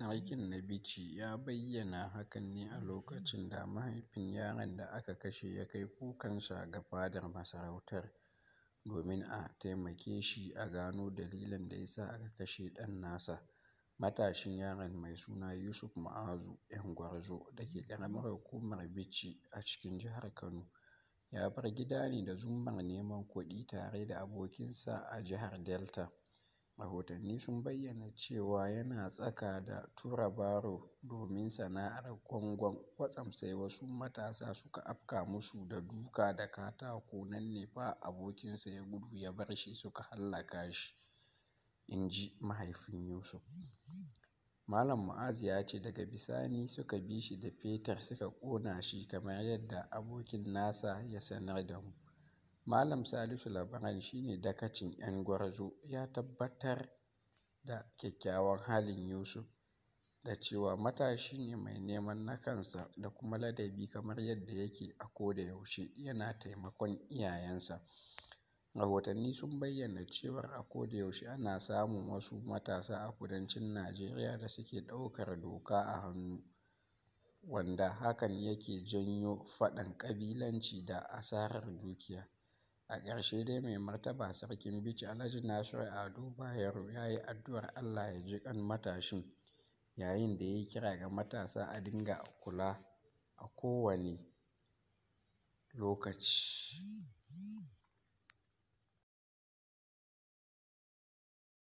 Sarkin na Bichi ya bayyana hakan ne a lokacin da mahaifin yaron da aka kashe ya kai kukansa ga fadar masarautar domin a taimake shi a gano dalilin da ya sa aka kashe ɗan nasa, matashin yaron mai suna Yusuf Ma'azu ‘yan Gwarzo da ke ƙaramar hukumar Bichi a cikin jihar Kano, ya bar gida ne da zumar neman kuɗi tare da abokinsa a jihar Delta. Rahotanni sun bayyana cewa yana tsaka da tura baro domin sana'ar gwangwan, kwatsam sai wasu matasa suka afka musu da duka da katako nan ne fa abokinsa ya gudu ya bar shi suka hallaka shi, inji mahaifin Yusuf. Malam Mu'azu ya ce daga bisani suka bi shi da fetur suka kona shi kamar yadda abokin nasa ya sanar da mu. Malam Salisu Labaran shine dakacin ‘yan gwarzo ya tabbatar da kyakkyawan halin Yusuf da cewa matashi ne mai neman na kansa da kuma ladabi kamar yadda yake a koda yaushe yana taimakon iyayensa. Rahotanni sun bayyana cewar a koda yaushe ana samun wasu matasa a kudancin Najeriya da suke ɗaukar doka a hannu, wanda hakan yake janyo faɗan ƙabilanci da asarar dukiya. A ƙarshe dai Mai Martaba Sarkin Bichi Alhaji Nasiru Ado Bayero ya yi addu'ar Allah ya ji ƙan matashin, yayin da ya yi kira ga matasa a dinga kula a kowane lokaci.